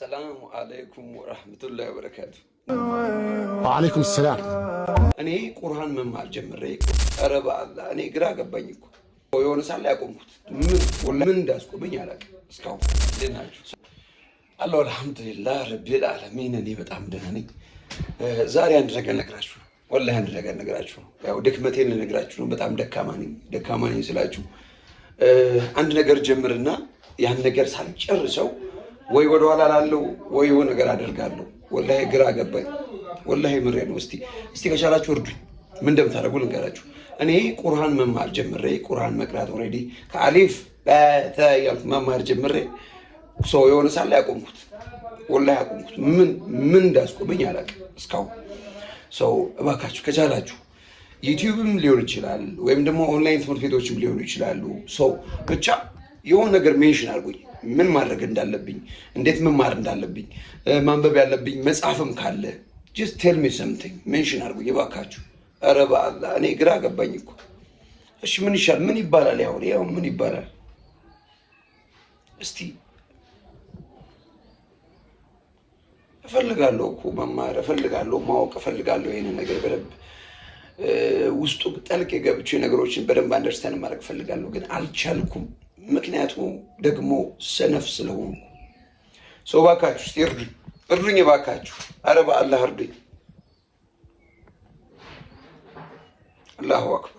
ሰላሙ አለይኩም ወራህመቱላሂ ወበረካቱ። ወአለይኩም ሰላም። እኔ ቁርአን መማር ጀምሬ ኧረ በአላህ እኔ ግራ ገባኝ እኮ የሆነ ሳለ ያቆምኩት ምን እንዳስቆመኝ አላውቅም። እስካሁን እንዴት ናችሁ? አለሁ አልሐምዱሊላህ ረቢል ዓለሚን። እኔ በጣም ደህና ነኝ። ዛሬ አንድ ነገር ነግራችሁ ወላሂ አንድ ነገር ነግራችሁ ያው ድክመቴን ልነግራችሁ ነው። በጣም ደካማ ነኝ። ደካማ ነኝ ስላችሁ አንድ ነገር ጀምርና ያን ነገር ሳልጨርሰው ወይ ወደ ኋላ ላለው ወይ የሆነ ነገር አደርጋለሁ። ወላሂ ግራ ገባኝ። ወላሂ ምሬ ነው። እስቲ እስቲ ከቻላችሁ እርዱኝ። ምን እንደምታደርጉ ልንገራችሁ። እኔ ቁርሃን መማር ጀምሬ ቁርሃን መቅራት ኦልሬዲ ከአሊፍ በተያልኩ መማር ጀምሬ ሰው የሆነ ሳለ ያቆምኩት ወላሂ ያቆምኩት። ምን ምን እንዳስቆመኝ አላውቅም እስካሁን። ሰው እባካችሁ ከቻላችሁ ዩቲዩብም ሊሆን ይችላል ወይም ደግሞ ኦንላይን ትምህርት ቤቶችም ሊሆኑ ይችላሉ። ሰው ብቻ የሆነ ነገር ሜንሽን አድርጎኝ ምን ማድረግ እንዳለብኝ፣ እንዴት መማር እንዳለብኝ፣ ማንበብ ያለብኝ መጽሐፍም ካለ ጀስት ቴል ሚ ሰምቲንግ ሜንሽን አድርጎኝ እባካችሁ። ኧረ በአላህ እኔ ግራ ገባኝ እኮ። እሺ ምን ይሻል? ምን ይባላል? ያው ያው ምን ይባላል? እስቲ እፈልጋለሁ እኮ መማር እፈልጋለሁ፣ ማወቅ እፈልጋለሁ። ይሄንን ነገር በደንብ ውስጡ ጠልቅ የገብቼ ነገሮችን በደንብ አንደርስታንድ ማድረግ እፈልጋለሁ፣ ግን አልቻልኩም። ምክንያቱ ደግሞ ሰነፍ ስለሆኑ ሰው ባካችሁ እስኪ እርዱኝ፣ እርዱኝ ባካችሁ። አረ በአላህ እርዱኝ። አላሁ አክበር